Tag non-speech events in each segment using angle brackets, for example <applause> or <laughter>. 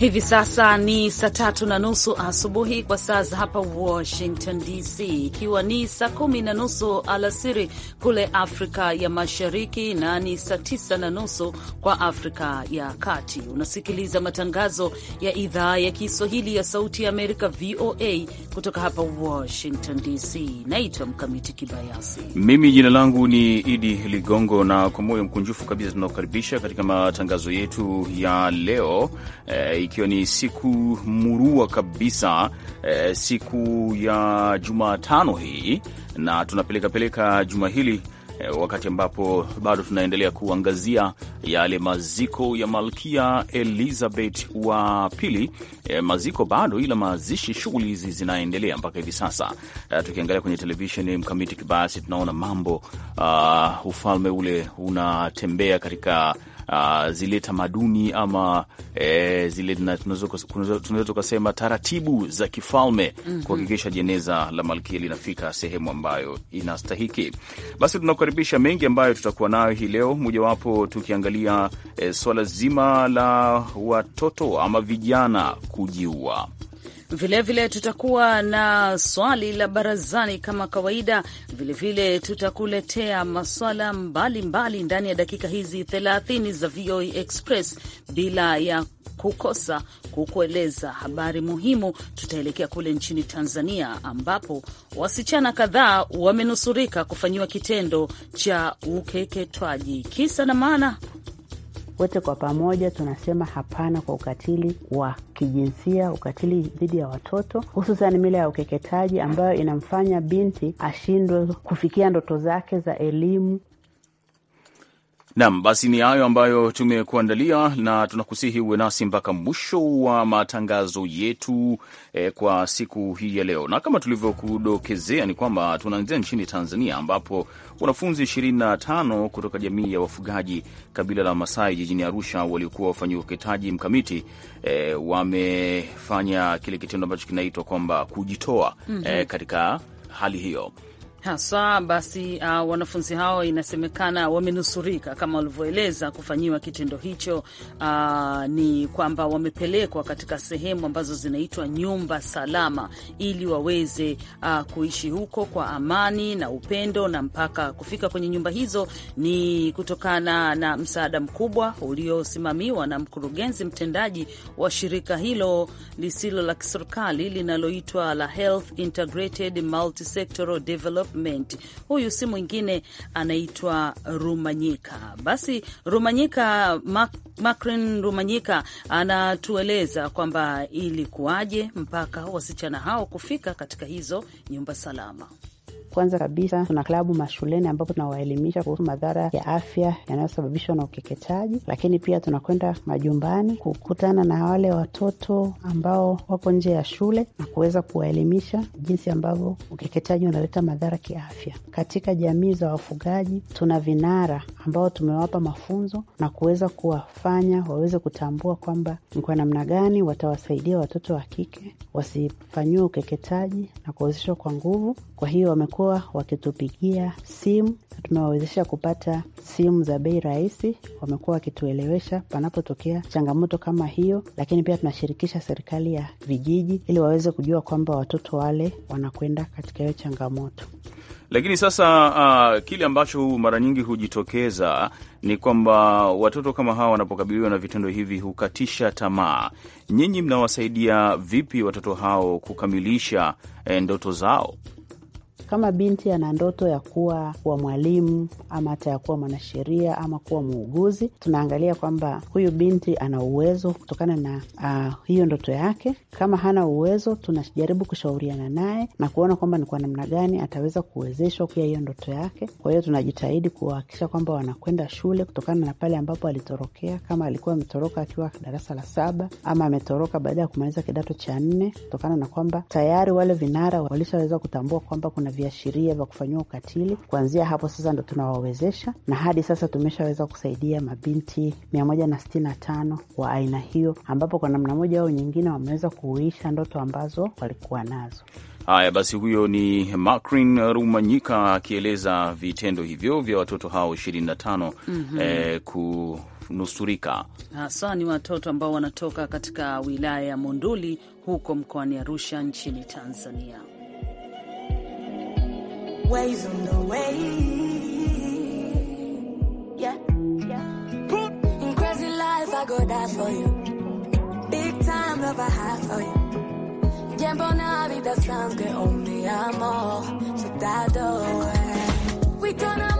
Hivi sasa ni saa tatu na nusu asubuhi kwa saa za hapa Washington DC, ikiwa ni saa kumi na nusu alasiri kule Afrika ya Mashariki na ni saa tisa na nusu kwa Afrika ya Kati. Unasikiliza matangazo ya idhaa ya Kiswahili ya Sauti ya Amerika, VOA, kutoka hapa Washington DC. Naitwa Mkamiti Kibayasi, mimi jina langu ni Idi Ligongo, na kwa moyo mkunjufu kabisa tunaokaribisha katika matangazo yetu ya leo eh, ikiwa ni siku murua kabisa e, siku ya Jumatano hii na tunapelekapeleka juma hili e, wakati ambapo bado tunaendelea kuangazia yale maziko ya Malkia Elizabeth wa pili. E, maziko bado, ila mazishi, shughuli hizi zinaendelea mpaka hivi sasa. E, tukiangalia kwenye televisheni mkamiti kibayasi, tunaona mambo uh, ufalme ule unatembea katika uh, zile tamaduni ama eh, zile tunaweza tukasema taratibu za kifalme mm -hmm. kuhakikisha jeneza la malkia linafika sehemu ambayo inastahiki. Basi tunakukaribisha mengi ambayo tutakuwa nayo hii leo, mojawapo tukiangalia eh, swala zima la watoto ama vijana kujiua. Vilevile vile tutakuwa na swali la barazani kama kawaida. Vilevile vile tutakuletea maswala mbalimbali ndani ya dakika hizi 30 za VOA e Express bila ya kukosa kukueleza habari muhimu. Tutaelekea kule nchini Tanzania ambapo wasichana kadhaa wamenusurika kufanyiwa kitendo cha ukeketwaji. Kisa na maana wote kwa pamoja tunasema hapana kwa ukatili wa kijinsia, ukatili dhidi ya watoto, hususan mila ya ukeketaji ambayo inamfanya binti ashindwe kufikia ndoto zake za elimu Naam, basi ni hayo ambayo tumekuandalia na tunakusihi uwe nasi mpaka mwisho wa matangazo yetu e, kwa siku hii ya leo. Na kama tulivyokudokezea ni kwamba tunaanzia nchini Tanzania ambapo wanafunzi 25 kutoka jamii ya wafugaji kabila la Masai jijini Arusha waliokuwa wafanyi ukeketaji mkamiti e, wamefanya kile kitendo ambacho kinaitwa kwamba kujitoa mm -hmm. e, katika hali hiyo haswa basi, uh, wanafunzi hao inasemekana wamenusurika kama walivyoeleza kufanyiwa kitendo hicho. Uh, ni kwamba wamepelekwa katika sehemu ambazo zinaitwa nyumba salama ili waweze uh, kuishi huko kwa amani na upendo, na mpaka kufika kwenye nyumba hizo ni kutokana na msaada mkubwa uliosimamiwa na mkurugenzi mtendaji wa shirika hilo lisilo la kiserikali linaloitwa la Health Integrated Multisectoral Development Development. Huyu si mwingine anaitwa Rumanyika. Basi Rumanyika, Macrin Rumanyika anatueleza kwamba ilikuwaje mpaka wasichana hao kufika katika hizo nyumba salama. Kwanza kabisa tuna klabu mashuleni ambapo tunawaelimisha kuhusu madhara ya afya yanayosababishwa na ukeketaji, lakini pia tunakwenda majumbani kukutana na wale watoto ambao wapo nje ya shule na kuweza kuwaelimisha jinsi ambavyo ukeketaji unaleta madhara kiafya. Katika jamii za wafugaji tuna vinara ambao tumewapa mafunzo na kuweza kuwafanya waweze kutambua kwamba ni kwa namna gani watawasaidia watoto wa kike wasifanyiwe ukeketaji na kuwezeshwa kwa nguvu kwa hiyo wamekuwa wakitupigia simu na tumewawezesha kupata simu za bei rahisi. Wamekuwa wakituelewesha panapotokea changamoto kama hiyo, lakini pia tunashirikisha serikali ya vijiji ili waweze kujua kwamba watoto wale wanakwenda katika hiyo changamoto. Lakini sasa uh, kile ambacho mara nyingi hujitokeza ni kwamba watoto kama hawa wanapokabiliwa na vitendo hivi hukatisha tamaa. Nyinyi mnawasaidia vipi watoto hao kukamilisha eh, ndoto zao? Kama binti ana ndoto ya kuwa kuwa mwalimu ama hata ya kuwa mwanasheria ama kuwa muuguzi, tunaangalia kwamba huyu binti ana uwezo kutokana na uh, hiyo ndoto yake. Kama hana uwezo, tunajaribu kushauriana naye na kuona kwamba ni kwa namna gani ataweza kuwezeshwa kuya hiyo ndoto yake. Kwa hiyo tunajitahidi kuhakikisha kwamba wanakwenda shule kutokana na pale ambapo alitorokea, kama alikuwa ametoroka akiwa darasa la saba ama ametoroka baada ya kumaliza kidato cha nne, kutokana na kwamba tayari wale vinara walishaweza kutambua kwamba kuna wana viashiria vya kufanyiwa ukatili. Kuanzia hapo sasa ndo tunawawezesha, na hadi sasa tumeshaweza kusaidia mabinti mia moja na sitini na tano wa aina hiyo, ambapo kwa namna moja au nyingine wameweza kuuisha ndoto ambazo walikuwa nazo. Haya basi, huyo ni Makrin Rumanyika akieleza vitendo hivyo vya watoto hao 25 mm -hmm. eh, ku nusurika haswa ni watoto ambao wanatoka katika wilaya ya Monduli huko mkoani Arusha nchini Tanzania. ways on the way. Yeah, yeah. In crazy life, I go die for you. Big time love I have for you. Jump on the that sounds good on I'm all so that door. We gonna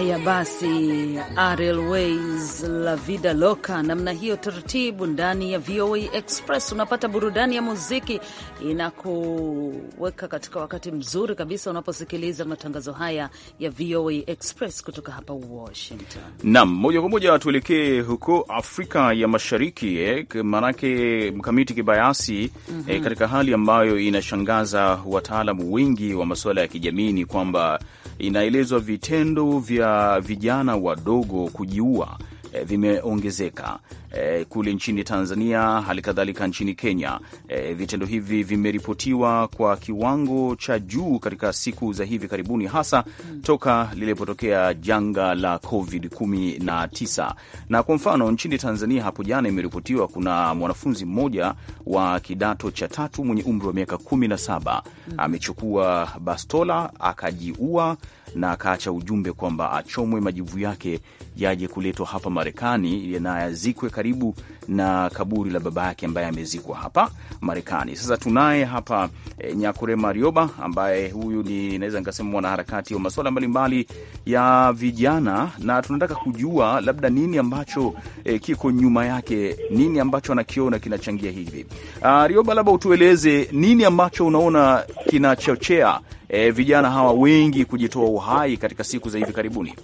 Haya basi, Ariel Ways la vida loka namna hiyo, taratibu ndani ya VOA Express unapata burudani ya muziki, inakuweka katika wakati mzuri kabisa unaposikiliza matangazo haya ya VOA Express kutoka hapa Washington. Naam, moja kwa moja tuelekee huko Afrika ya Mashariki eh, maanake mkamiti kibayasi mm -hmm. eh, mhm. katika hali ambayo inashangaza wataalamu wengi wa masuala ya kijamii ni kwamba inaelezwa vitendo vya vijana wadogo kujiua eh, vimeongezeka eh, kule nchini Tanzania, hali kadhalika nchini Kenya. Eh, vitendo hivi vimeripotiwa kwa kiwango cha juu katika siku za hivi karibuni, hasa toka lilipotokea janga la COVID 19. Na kwa mfano nchini Tanzania hapo jana imeripotiwa kuna mwanafunzi mmoja wa kidato cha tatu mwenye umri wa miaka 17 amechukua bastola akajiua na akaacha ujumbe kwamba achomwe, majivu yake yaje kuletwa hapa Marekani na yazikwe karibu na kaburi la baba yake ambaye amezikwa hapa Marekani. Sasa tunaye hapa e, Nyakure Marioba ambaye huyu ni naweza nikasema mwanaharakati wa masuala mbalimbali ya vijana, na tunataka kujua labda nini ambacho e, kiko nyuma yake, nini ambacho anakiona kinachangia hivi. Ah, Rioba, labda utueleze nini ambacho unaona kinachochea e, vijana hawa wengi kujitoa uhai katika siku za hivi karibuni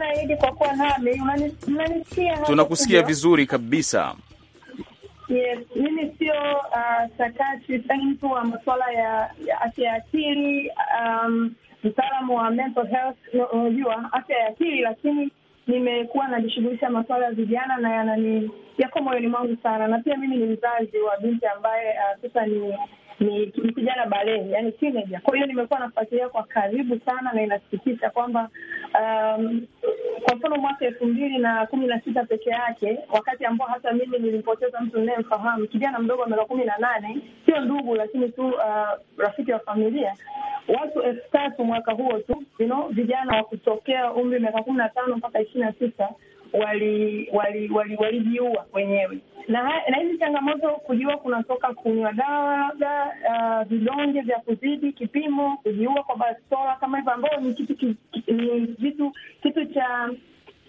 sana Idi kwa kuwa nami. Unanisikia? Tunakusikia vizuri kabisa. Yes, mimi sio uh, sakati mtu wa masuala ya, afya ya akili um, mtaalamu wa mental health, unajua afya ya akili, lakini nimekuwa najishughulisha masuala ya vijana na yanani yako moyoni mwangu sana, na pia mimi ni mzazi wa binti ambaye uh, sasa ni ni kijana balehe, yani teenager. Kwa hiyo nimekuwa nafuatilia kwa karibu sana, na inasikitisha kwamba um, kwa mfano mwaka elfu mbili na kumi na sita peke yake, wakati ambao hata mimi nilimpoteza mtu ninayemfahamu, kijana mdogo wa miaka kumi na nane, sio ndugu, lakini tu uh, rafiki wa familia, watu elfu tatu mwaka huo tu you know, vijana wa kutokea umri miaka kumi na tano mpaka ishirini na tisa walijiua wali, wali, wali wenyewe na, na hizi changamoto kujiua kunatoka kunywa dawa labda uh, vidonge vya kuzidi kipimo, kujiua kwa bastola kama hivyo, ambayo ni kitu ki, ni vitu kitu cha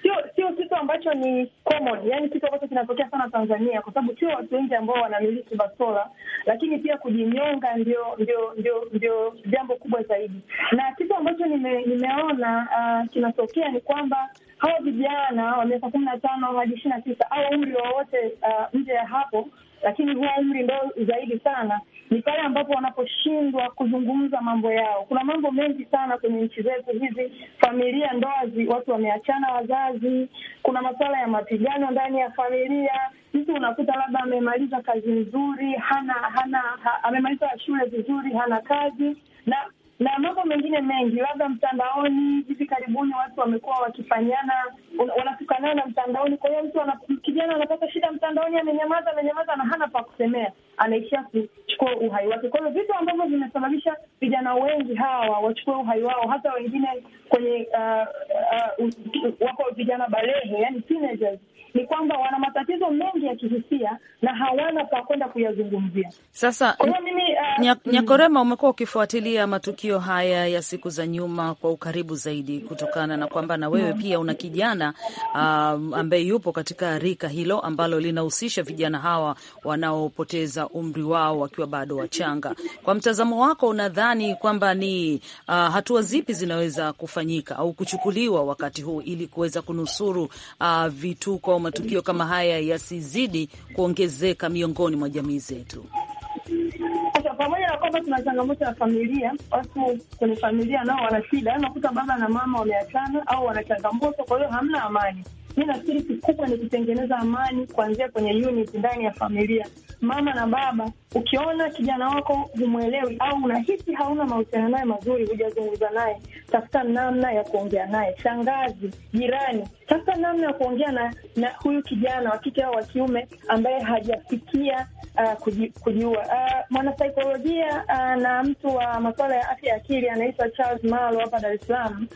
sio sio kitu ambacho ni common, yani kitu ambacho kinatokea sana Tanzania, kwa sababu sio watu wengi ambao wanamiliki bastola, lakini pia kujinyonga ndio ndio ndio ndio jambo kubwa zaidi. Na kitu ambacho nime, nimeona uh, kinatokea ni kwamba hawa vijana wa miaka kumi na tano hadi ishirini na tisa au umri wowote uh, nje ya hapo, lakini huwa umri ndo zaidi sana, ni pale ambapo wanaposhindwa kuzungumza mambo yao. Kuna mambo mengi sana kwenye nchi zetu hizi, familia, ndoa, watu wameachana wazazi, kuna masuala ya mapigano ndani ya familia. Mtu unakuta labda amemaliza kazi nzuri, hana hana ha, amemaliza shule vizuri, hana kazi na na mambo mengine mengi, labda mtandaoni. Hivi karibuni watu wamekuwa wakifanyana, wanatukanana mtandaoni. Kwa hiyo mtu kijana anapata shida mtandaoni, amenyamaza, amenyamaza na hana pa kusemea, anaishia kuchukua uhai wake. Kwa hiyo vitu ambavyo vimesababisha vijana wengi hawa wachukue uhai wao, hata wengine kwenye uh, uh, wako vijana balehe, yani teenagers ni kwamba wana matatizo mengi ya kihisia na hawana pa kwenda kuyazungumzia. Sasa mimi, uh, mm. Nyakorema, umekuwa ukifuatilia matukio haya ya siku za nyuma kwa ukaribu zaidi, kutokana na kwamba na wewe pia una kijana uh, ambaye yupo katika rika hilo ambalo linahusisha vijana hawa wanaopoteza umri wao wakiwa bado wachanga. Kwa mtazamo wako, unadhani kwamba ni uh, hatua zipi zinaweza kufanyika au kuchukuliwa wakati huu ili kuweza kunusuru uh, vituko matukio kama haya yasizidi kuongezeka miongoni mwa jamii zetu. Pamoja na kwamba tuna changamoto ya familia, watu kwenye familia nao wana shida, unakuta baba na mama wameachana au wana changamoto, kwa hiyo hamna amani. Mi nafikiri kikubwa ni kutengeneza amani kuanzia kwenye unit ndani ya familia, mama na baba. Ukiona kijana wako humwelewi au unahisi hauna mahusiano naye mazuri, hujazungumza naye, tafuta namna ya kuongea naye. Shangazi, jirani, tafuta namna ya kuongea na, na huyu kijana wa kike au wa kiume ambaye hajafikia uh, kuji, kujiua. Uh, mwanasaikolojia uh, na mtu wa masuala ya afya ya akili anaitwa Charles Malo hapa Dar es Salaam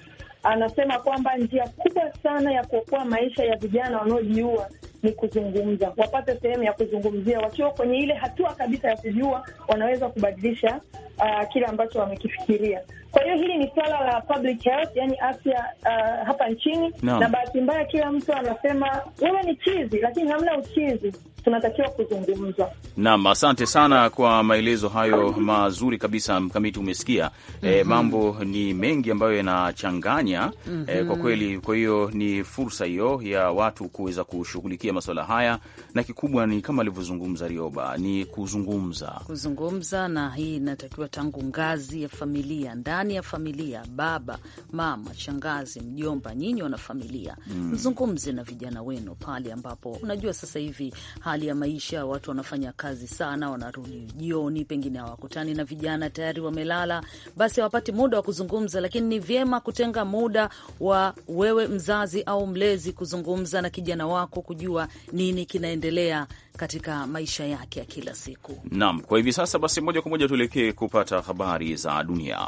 anasema kwamba njia kubwa sana ya kuokoa maisha ya vijana wanaojiua ni kuzungumza, wapate sehemu ya kuzungumzia. Wakiwa kwenye ile hatua kabisa ya kujiua, wanaweza kubadilisha uh, kile ambacho wamekifikiria. Kwa hiyo hili ni swala la public health, yani afya uh, hapa nchini no. Na bahati mbaya kila mtu anasema wewe ni chizi, lakini hamna uchizi tunatakiwa kuzungumza. Naam, asante sana kwa maelezo hayo mazuri kabisa. Mkamiti, umesikia mm -hmm. E, mambo ni mengi ambayo yanachanganya mm -hmm. E, kwa mhm. kweli. Kwa hiyo ni fursa hiyo ya watu kuweza kushughulikia masuala haya, na kikubwa ni kama alivyozungumza Rioba, ni kuzungumza, kuzungumza, na hii inatakiwa tangu ngazi ya familia ndani ndani ya familia, baba, mama, shangazi, mjomba, nyinyi wana familia mm. Mzungumze na vijana wenu pale ambapo unajua sasa hivi hali ya maisha, watu wanafanya kazi sana, wanarudi jioni, pengine hawakutani na vijana, tayari wamelala, basi hawapati muda wa kuzungumza. Lakini ni vyema kutenga muda wa wewe mzazi au mlezi kuzungumza na kijana wako, kujua nini kinaendelea katika maisha yake ya kila siku. Naam, kwa hivi sasa basi, moja kwa moja tuelekee kupata habari za dunia.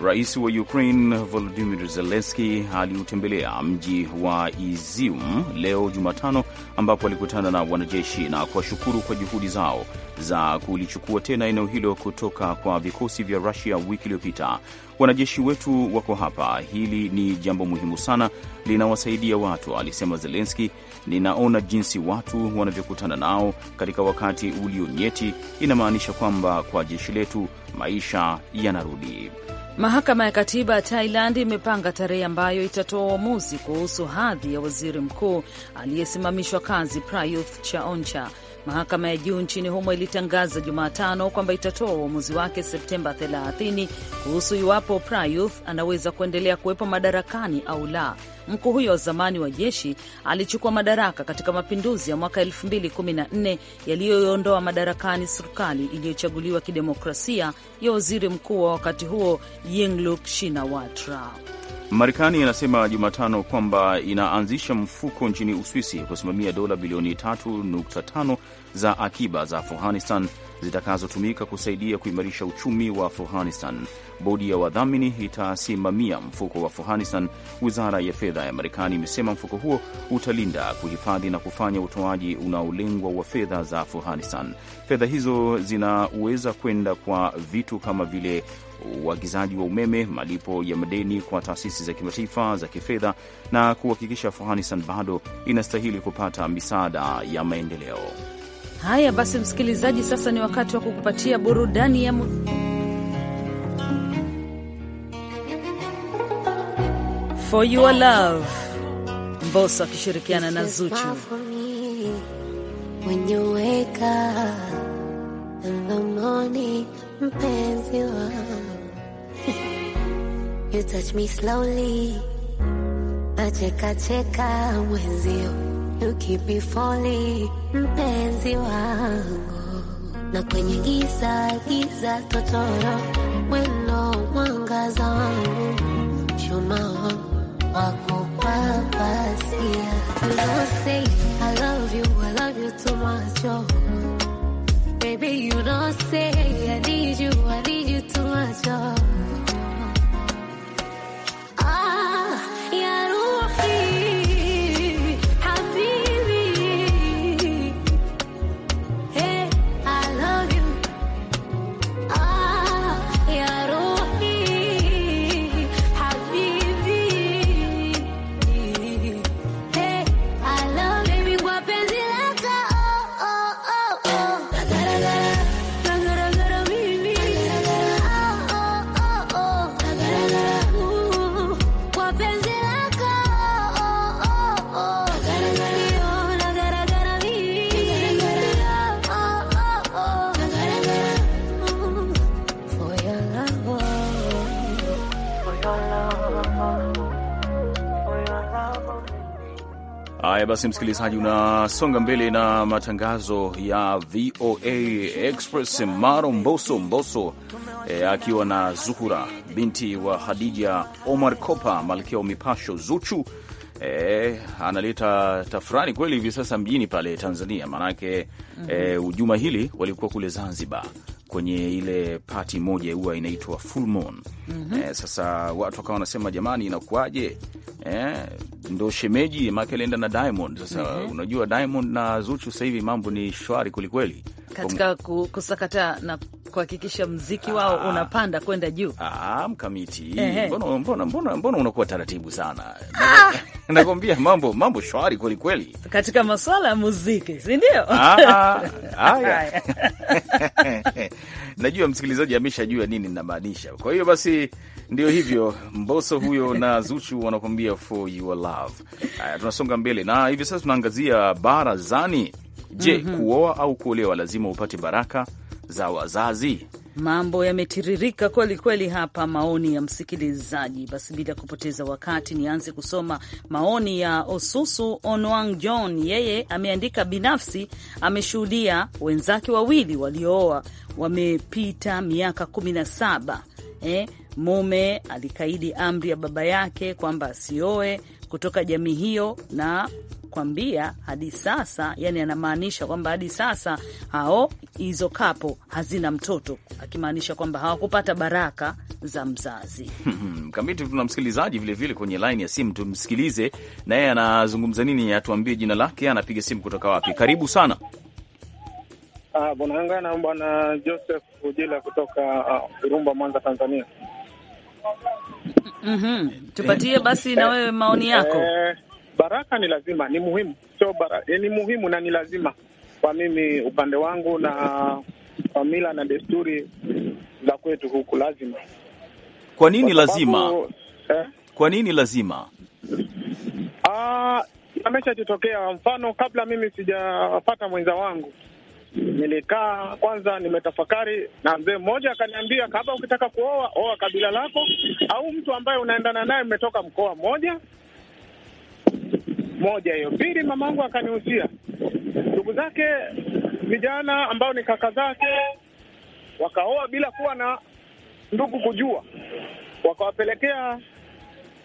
Rais wa Ukraine Volodymyr Zelensky aliutembelea mji wa Izium leo Jumatano, ambapo alikutana na wanajeshi na kuwashukuru kwa juhudi zao za kulichukua tena eneo hilo kutoka kwa vikosi vya Rusia wiki iliyopita. Wanajeshi wetu wako hapa, hili ni jambo muhimu sana, linawasaidia watu, alisema Zelenski. Ninaona jinsi watu wanavyokutana nao katika wakati ulionyeti, inamaanisha kwamba kwa jeshi letu maisha yanarudi. Mahakama ya katiba ya Thailand imepanga tarehe ambayo itatoa uamuzi kuhusu hadhi ya waziri mkuu aliyesimamishwa kazi Prayuth Chaoncha Mahakama ya juu nchini humo ilitangaza Jumatano kwamba itatoa uamuzi wake Septemba 30 kuhusu iwapo Prayuth anaweza kuendelea kuwepo madarakani au la. Mkuu huyo wa zamani wa jeshi alichukua madaraka katika mapinduzi ya mwaka 2014 yaliyoondoa madarakani serikali iliyochaguliwa kidemokrasia ya waziri mkuu wa wakati huo Yingluck Shinawatra. Marekani inasema Jumatano kwamba inaanzisha mfuko nchini Uswisi kusimamia dola bilioni 3.5 za akiba za Afghanistan zitakazotumika kusaidia kuimarisha uchumi wa Afghanistan. Bodi ya wadhamini itasimamia mfuko wa Afghanistan. Wizara ya fedha ya Marekani imesema mfuko huo utalinda, kuhifadhi na kufanya utoaji unaolengwa wa fedha za Afghanistan. Fedha hizo zinaweza kwenda kwa vitu kama vile uagizaji wa umeme, malipo ya madeni kwa taasisi za kimataifa za kifedha na kuhakikisha Afghanistan bado inastahili kupata misaada ya maendeleo. Haya basi, msikilizaji, sasa ni wakati wa kukupatia burudani ya For Your Love, Mbosso akishirikiana na Zuchu. You touch me slowly, nacheka cheka mwenzio ukinifoli mpenzi wangu, na kwenye giza giza totoro, welo mwangaza wangu, mshumaa wangu wako I love you, I love you too much, oh. baby. You know say I need you, I need you too much. Oh. basi msikilizaji, unasonga mbele na matangazo ya VOA Express. Maro Mboso Mboso e, akiwa na Zuhura binti wa hadija Omar Kopa, malkia wa mipasho Zuchu. E, analeta tafurani kweli hivi sasa mjini pale Tanzania, maanake mm -hmm. E, mhm. juma hili walikuwa kule Zanzibar kwenye ile pati moja huwa inaitwa full moon. mm -hmm. Eh, sasa watu wakawa wanasema jamani, inakuwaje? Eh, ndo shemeji make alienda na Diamond. Sasa mm -hmm. unajua Diamond na Zuchu sasa hivi mambo ni shwari kwelikweli katika kusakata na kuhakikisha mziki wao aa, ah. unapanda kwenda juu. Ah, mkamiti, mbona mbona mbona unakuwa taratibu sana ah. <laughs> nakwambia mambo mambo shwari kweli kweli katika masuala ya muziki, si ndio? Ah, <laughs> haya, <laughs> najua msikilizaji ameshajua nini namaanisha. Kwa hiyo basi ndio hivyo, Mboso huyo na Zuchu wanakuambia for your love. Haya, tunasonga mbele na hivi sasa tunaangazia barazani. Je, mm -hmm. kuoa au kuolewa lazima upate baraka za wazazi? Mambo yametiririka kweli kweli hapa, maoni ya msikilizaji. Basi bila kupoteza wakati, nianze kusoma maoni ya Osusu Onwang John. Yeye ameandika binafsi, ameshuhudia wenzake wawili waliooa wamepita miaka kumi na saba. Eh, mume alikaidi amri ya baba yake kwamba asioe kutoka jamii hiyo na kwambia hadi sasa, yani anamaanisha kwamba hadi sasa hao hizo kapo hazina mtoto, akimaanisha kwamba hawakupata baraka za mzazi hmm, Kamiti tuna msikilizaji vilevile kwenye laini ya simu, tumsikilize na yeye anazungumza nini, atuambie jina lake, anapiga simu kutoka wapi. Karibu sana. Uh, bwana joseh Joseph Ujila kutoka Urumba, ah, Mwanza, Tanzania. mm -hmm. Tupatie basi na wewe maoni yako. Eh, Baraka ni lazima, ni muhimu, sio bara, eh, ni muhimu na ni lazima kwa mimi upande wangu na kwa mila na desturi za kwetu huku, lazima. Kwa nini kwa sababu, lazima eh? Kwa nini lazima? Ah, ameshajitokea mfano, kabla mimi sijapata mwenza wangu nilikaa kwanza, nimetafakari na mzee mmoja akaniambia, kabla ukitaka kuoa oa kabila lako au mtu ambaye unaendana naye mmetoka mkoa mmoja moja hiyo. Pili, mamangu akanihusia ndugu zake vijana ambao ni kaka zake wakaoa bila kuwa na ndugu kujua, wakawapelekea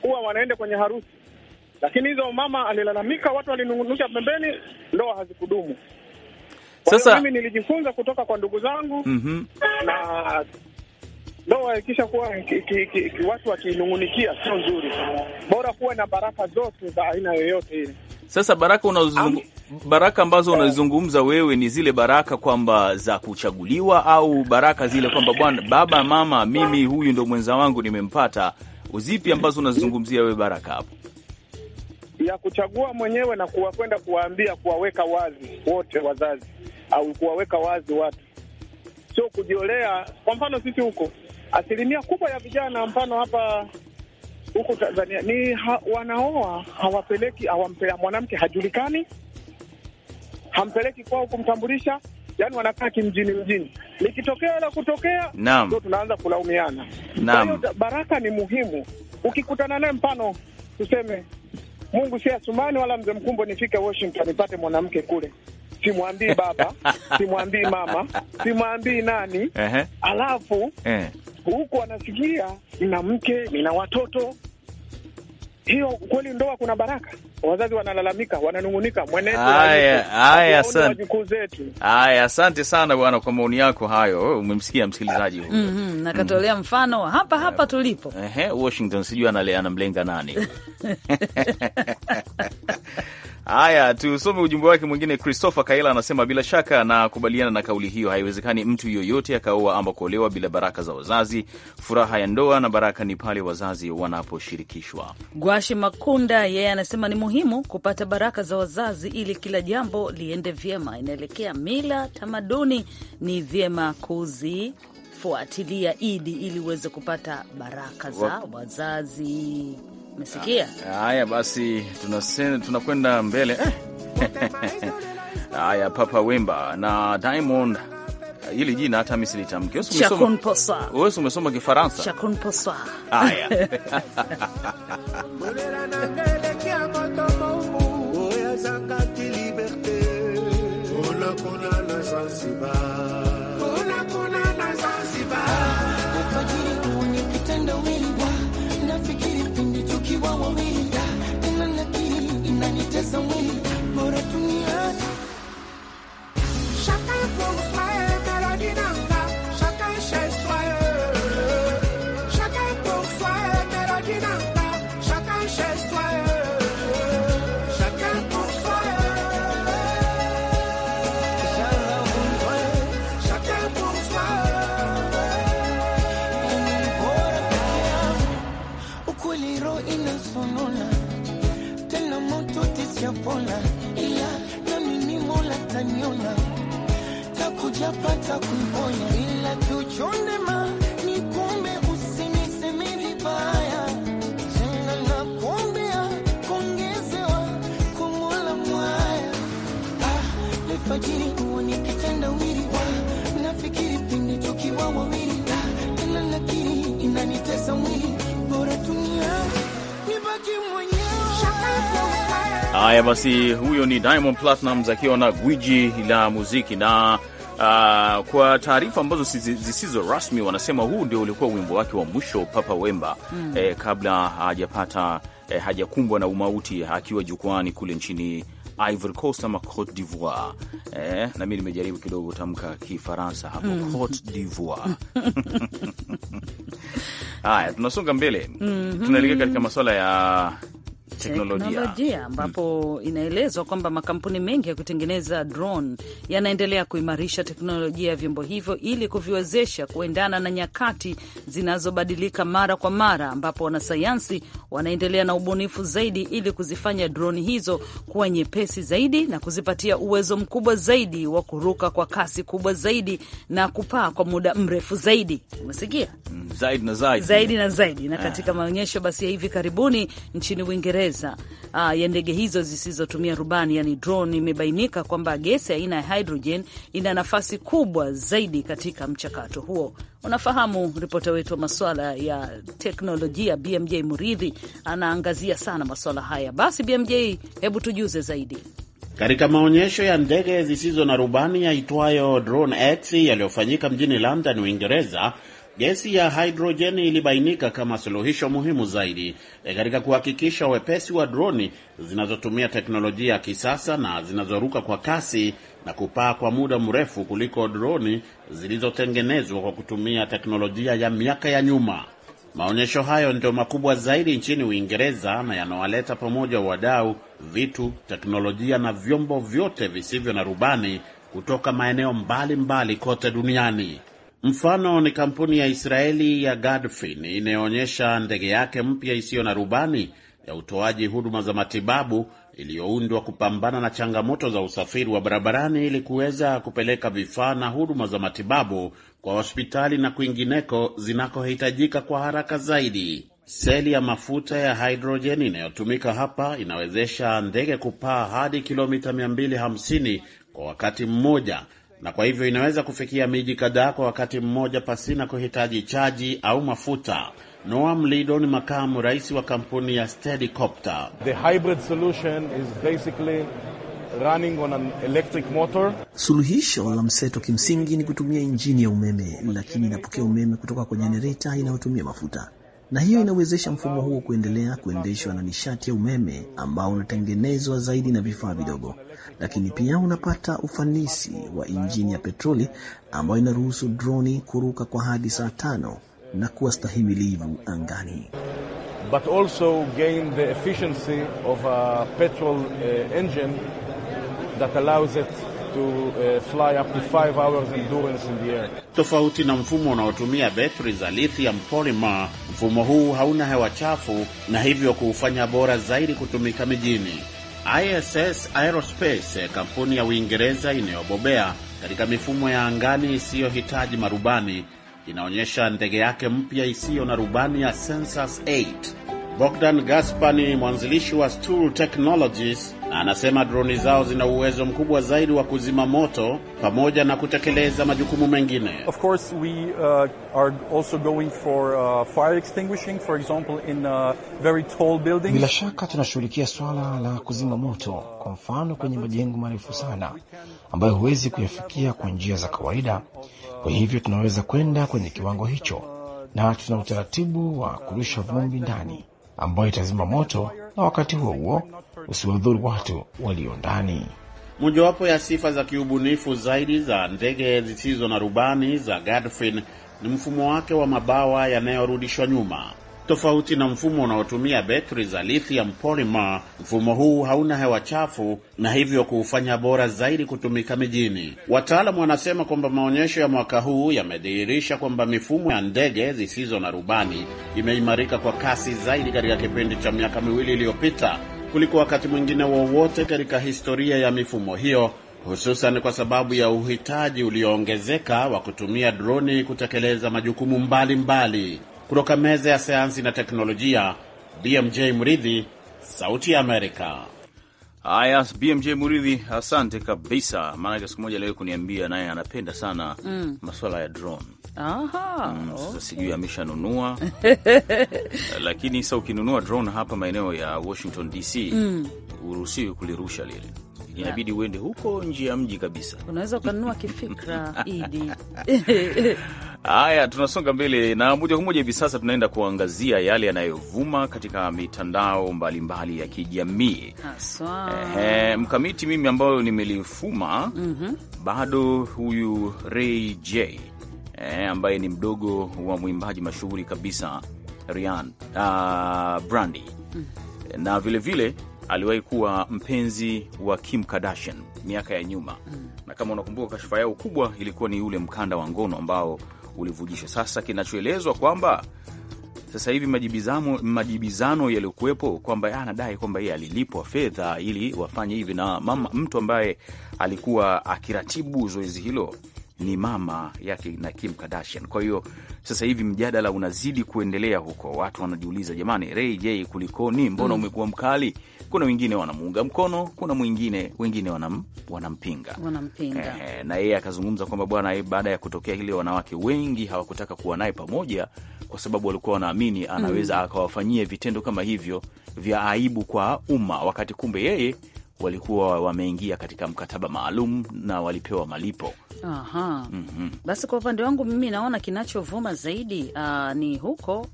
kuwa wanaenda kwenye harusi, lakini hizo mama alilalamika, watu walinungunusha pembeni, ndoa hazikudumu. Sasa mimi nilijifunza kutoka kwa ndugu zangu mm -hmm. na ndoa ikisha kuwa watu wakiinung'unikia sio nzuri, bora kuwa na baraka zote za aina yoyote ile. Sasa baraka unazungu... baraka ambazo eh. unazungumza wewe ni zile baraka kwamba za kuchaguliwa au baraka zile kwamba bwana, baba, mama, mimi huyu ndo mwenza wangu nimempata? Uzipi ambazo unazungumzia wewe baraka hapo? ya kuchagua mwenyewe na kuwakwenda kuwaambia, kuwaweka wazi wote wazazi au kuwaweka wazi watu, sio kujiolea. Kwa mfano sisi huko asilimia kubwa ya vijana mfano hapa huko Tanzania ni ha, wanaoa hawapeleki, hawampelea mwanamke, hajulikani, hampeleki kwao kumtambulisha, yani wanakaa kimjini mjini, nikitokea la kutokea, ndio tunaanza kulaumiana. Kwa hiyo baraka ni muhimu, ukikutana naye mfano tuseme Mungu si Asumani wala mzee Mkumbo, nifike Washington nipate mwanamke kule, simwambii baba <laughs> simwambii mama simwambii nani, uh -huh. alafu uh eh. -huh huku anasikia nina mke, nina watoto. Hiyo kweli ndoa kuna baraka? Wazazi wanalalamika, wananungunika, mwenendo wajukuu zetu. Haya, asante sana bwana kwa maoni yako hayo. Umemsikia msikilizaji huyo, mm -hmm, nakatolea mm -hmm. mfano hapa hapa tulipo, ehe, Washington, sijui anamlenga nani <laughs> Haya, tusome ujumbe wake mwingine. Christopher Kaila anasema bila shaka nakubaliana na kauli hiyo. Haiwezekani mtu yoyote akaoa ama kuolewa bila baraka za wazazi. Furaha ya ndoa na baraka ni pale wazazi wanaposhirikishwa. Gwashi Makunda yeye anasema ni muhimu kupata baraka za wazazi ili kila jambo liende vyema. Inaelekea mila tamaduni, ni vyema kuzi fuatilia idi ili uweze kupata baraka za wazazi. Umesikia? Haya basi, tunakwenda mbele eh. <laughs> haya. Papa Wemba na Diamond hili jina hata mimi silitamki. Wewe umesoma Kifaransa? Haya. <laughs> <laughs> ila namini Mola taniona, takujapata kumponya, ila tuchonde ma Haya basi, huyo ni Diamond Platnumz akiwa na gwiji la muziki na Uh, kwa taarifa ambazo zisizo rasmi wanasema huu ndio ulikuwa wimbo wake wa mwisho Papa Wemba mm. eh, kabla hajapata eh, hajakumbwa na umauti akiwa jukwani kule nchini Ivory Coast ama Cote d'Ivoire eh, na mi nimejaribu kidogo Kifaransa hapo mm. Cote d'Ivoire <laughs> haya tunasonga mbele mm -hmm. tunaelekea katika masuala ya teknolojia ambapo hmm, inaelezwa kwamba makampuni mengi ya kutengeneza drone yanaendelea kuimarisha teknolojia ya vyombo hivyo ili kuviwezesha kuendana na nyakati zinazobadilika mara kwa mara, ambapo wanasayansi wanaendelea na ubunifu zaidi ili kuzifanya drone hizo kuwa nyepesi zaidi na kuzipatia uwezo mkubwa zaidi wa kuruka kwa kasi kubwa zaidi na kupaa kwa muda mrefu zaidi. Umesikia? Hmm, zaidi na zaidi, zaidi na zaidi. Na ah. katika maonyesho basi ya hivi karibuni nchini Uingereza Uingereza uh, ah, ya ndege hizo zisizotumia rubani yani drone, imebainika kwamba gesi aina ya hydrogen ina nafasi kubwa zaidi katika mchakato huo. Unafahamu, ripota wetu wa maswala ya teknolojia BMJ Muridhi anaangazia sana maswala haya. Basi BMJ, hebu tujuze zaidi. Katika maonyesho ya ndege zisizo na rubani yaitwayo Drone X yaliyofanyika mjini London, Uingereza, Gesi ya hidrojeni ilibainika kama suluhisho muhimu zaidi e, katika kuhakikisha wepesi wa droni zinazotumia teknolojia ya kisasa na zinazoruka kwa kasi na kupaa kwa muda mrefu kuliko droni zilizotengenezwa kwa kutumia teknolojia ya miaka ya nyuma. Maonyesho hayo ndio makubwa zaidi nchini Uingereza na yanawaleta pamoja wadau, vitu, teknolojia na vyombo vyote visivyo na rubani kutoka maeneo mbalimbali mbali kote duniani. Mfano ni kampuni ya Israeli ya Gadfin inayoonyesha ndege yake mpya isiyo na rubani ya utoaji huduma za matibabu iliyoundwa kupambana na changamoto za usafiri wa barabarani ili kuweza kupeleka vifaa na huduma za matibabu kwa hospitali na kwingineko zinakohitajika kwa haraka zaidi. Seli ya mafuta ya hidrojeni inayotumika hapa inawezesha ndege kupaa hadi kilomita 250 kwa wakati mmoja na kwa hivyo inaweza kufikia miji kadhaa kwa wakati mmoja pasina kuhitaji chaji au mafuta. Noam Lido ni makamu rais wa kampuni ya Steadicopter. The hybrid solution is basically running on an electric motor. Suluhisho la mseto kimsingi ni kutumia injini ya umeme, lakini inapokea umeme kutoka kwa jenereta inayotumia mafuta na hiyo inawezesha mfumo huo kuendelea kuendeshwa na nishati ya umeme ambao unatengenezwa zaidi na vifaa vidogo, lakini pia unapata ufanisi wa injini ya petroli ambayo inaruhusu droni kuruka kwa hadi saa tano na kuwa stahimilivu angani. But also gain the efficiency of a petrol eh, engine that allows it to uh, fly up to hours endurance in the air. Tofauti na mfumo unaotumia betri za lithium polymer, mfumo huu hauna hewa chafu na hivyo kuufanya bora zaidi kutumika mijini. ISS Aerospace, kampuni ya Uingereza inayobobea katika mifumo ya angani isiyohitaji marubani, inaonyesha ndege yake mpya isiyo na rubani ya Sensus 8 Bogdan Gaspar ni mwanzilishi wa Stool Technologies na anasema droni zao zina uwezo mkubwa zaidi wa kuzima moto pamoja na kutekeleza majukumu mengine. Of course we uh, are also going for uh, fire extinguishing for example in uh, very tall buildings. Bila shaka tunashughulikia swala la kuzima moto, kwa mfano kwenye majengo marefu sana ambayo huwezi kuyafikia kwa njia za kawaida. Kwa hivyo tunaweza kwenda kwenye kiwango hicho, na tuna utaratibu wa kurusha vumbi ndani ambayo itazima moto na wakati huo huo usiwadhuru watu walio ndani. Mojawapo ya sifa za kiubunifu zaidi za ndege zisizo na rubani za Gadfin ni mfumo wake wa mabawa yanayorudishwa nyuma. Tofauti na mfumo unaotumia betri za lithium polymer, mfumo huu hauna hewa chafu na hivyo kuufanya bora zaidi kutumika mijini. Wataalamu wanasema kwamba maonyesho ya mwaka huu yamedhihirisha kwamba mifumo ya ndege zisizo na rubani imeimarika kwa kasi zaidi katika kipindi cha miaka miwili iliyopita kuliko wakati mwingine wowote katika historia ya mifumo hiyo, hususan kwa sababu ya uhitaji ulioongezeka wa kutumia droni kutekeleza majukumu mbalimbali mbali. Kutoka meza ya sayansi na teknolojia, BMJ Mridhi, Sauti ya Amerika. Haya, BMJ Muridhi, asante kabisa, maanake siku moja leo kuniambia naye anapenda sana mm. masuala ya drone. Aha, mm, okay. Sasa sijui ameshanunua <laughs> lakini sa ukinunua drone hapa maeneo ya Washington DC mm. uruhusiwi kulirusha lile inabidi uende huko nje ya mji kabisa, unaweza ukanunua kifikra <laughs> Idi. Haya, tunasonga mbele na moja kwa moja hivi sasa tunaenda kuangazia yale yanayovuma katika mitandao mbalimbali mbali ya kijamii mkamiti mimi ambayo nimelifuma mm -hmm. bado huyu Ray J eh, ambaye ni mdogo wa mwimbaji mashuhuri kabisa Rian, uh, ah, Brandy mm. na vilevile vile, aliwahi kuwa mpenzi wa Kim Kardashian miaka ya nyuma mm. na kama unakumbuka kashifa yao kubwa ilikuwa ni ule mkanda wa ngono ambao ulivujishwa. Sasa kinachoelezwa kwamba sasa hivi majibizano, majibizano yaliyokuwepo kwamba anadai kwamba yeye alilipwa fedha ili wafanye hivi na mama mtu ambaye alikuwa akiratibu zoezi hilo ni mama yake na Kim Kardashian. Kwa hiyo sasa hivi mjadala unazidi kuendelea huko, watu wanajiuliza, jamani, Ray J kulikoni? Mbona mm. umekuwa mkali? Kuna wengine wanamuunga mkono, kuna mwingine wengine wanam, wanampinga, wanampinga. na yeye akazungumza kwamba bwana, eh, baada ya kutokea hili, wanawake wengi hawakutaka kuwa naye pamoja kwa sababu walikuwa wanaamini anaweza mm, akawafanyia vitendo kama hivyo vya aibu kwa umma, wakati kumbe yeye walikuwa wameingia katika mkataba maalum na walipewa malipo. Aha. Mm -hmm. Basi kwa upande wangu mimi naona kinachovuma zaidi uh, ni huko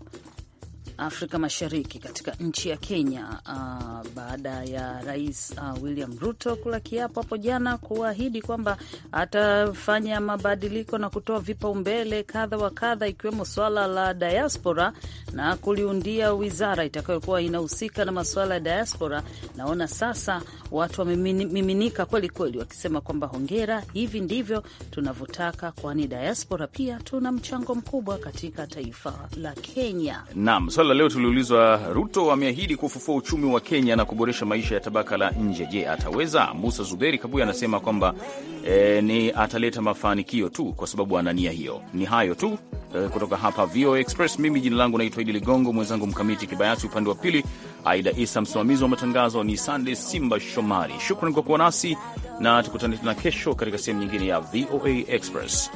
Afrika Mashariki katika nchi ya Kenya uh, baada ya Rais uh, William Ruto kula kiapo hapo jana kuahidi kwamba atafanya mabadiliko na kutoa vipaumbele kadha wa kadha, ikiwemo swala la diaspora na kuliundia wizara itakayokuwa inahusika na masuala ya diaspora. Naona sasa watu wamemiminika kweli kweli, wakisema kwamba hongera, hivi ndivyo tunavyotaka, kwani diaspora pia tuna mchango mkubwa katika taifa la Kenya. Naam, swala la leo tuliulizwa, Ruto ameahidi kufufua uchumi wa Kenya na kuboresha maisha ya tabaka la nje. Je, ataweza? Musa Zuberi Kabuya anasema kwamba e, ni ataleta mafanikio tu kwa sababu ana nia hiyo. Ni hayo tu e, kutoka hapa VOA Express. Mimi jina langu naitwa Idi Ligongo, mwenzangu Mkamiti Kibayasi upande wa pili, Aida Isa msimamizi wa matangazo ni Sande Simba Shomari. Shukrani kwa kuwa nasi na tukutane tena kesho katika sehemu nyingine ya VOA Express.